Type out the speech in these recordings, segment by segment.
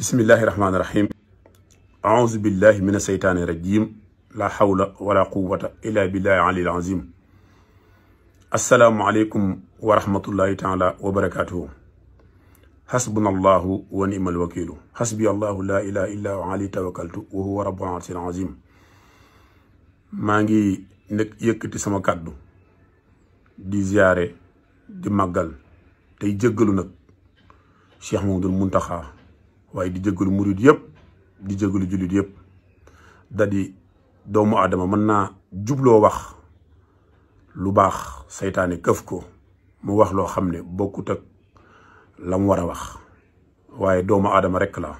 بسم الله الرحمن الرحيم أعوذ بالله من الشيطان الرجيم لا حول ولا قوة إلا بالله العلي العظيم السلام عليكم ورحمة الله تعالى وبركاته حسبنا الله ونعم الوكيل حسبي الله لا إله إلا هو علي توكلت وهو رب العرش العظيم ماغي نك يكتي سما كادو دي زياره دي ماغال تاي جيغلو نك شيخ محمود المنتخب waaye di jégalu murid yëpp di jégalu jullit yëpp da doomu aadama mën naa jubloo wax lu baax seytaane këf ko mu wax loo xam ne bokkut ak la mu war a wax waaye doomu aadama rekk la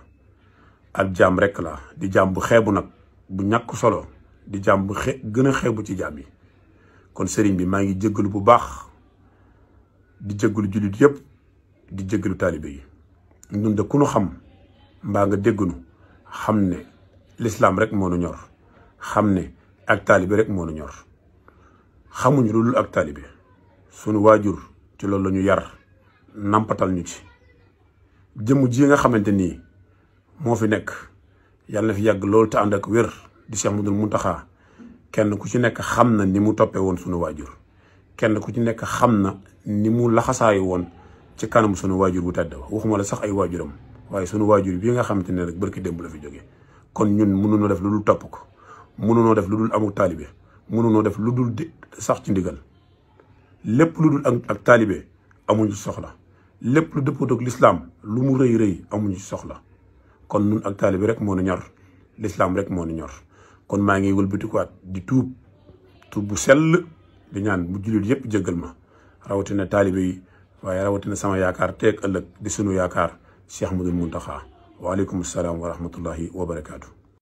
ak jaam rekk la di jaam bu xeebu nag bu ñàkk solo di jaam bu xe gën a xeebu ci jaam yi kon sëriñ bi maa ngi jégalu bu baax di jégalu jullit yépp di jégalu taalibe yi ñun de ku nu xam. mbaa nga déggunu xam ne lislaam rek moo nu ñor xam ne ak taalibe rek moo nu ñor xamuñu lu dul ak taalibe sunu waajur ci loolu la ñu yar nampatal ñu ci jëmm ji nga xamante nii moo fi nekk yàlla na fi yàgg loolu te ànd ak wér di Cheikh mu Mountakha kenn ku ci nekk xam na ni mu toppee woon sunu waajur kenn ku ci nekk xam na ni mu laxasaayu woon ci kanam sunu waajur bu tedd waxuma la sax ay waajuram waaye sunu waajur bii nga xamante ne rek barki démb la fi jóge kon ñun mënunoo def lu dul topp ko mënunoo def lu dul amul taalibe mënunoo def lu dul di sax ci ndigal lépp lu dul ak taalibe amuñu ci soxla lépp lu dëppoo ak lu mu rëy rëy amuñu soxla kon ñun ak taalibe rek moo nu ñor lislaam rek moo nu ñor kon maa ngi wëlbatikuwaat di tuub tuub bu sell di ñaan bu jullit yépp jéggal ma rawatina taalibe yi waaye rawatina sama yaakaar teeg ëllëg di sunu yaakaar شيخ محمود المنتخب وعليكم السلام ورحمه الله وبركاته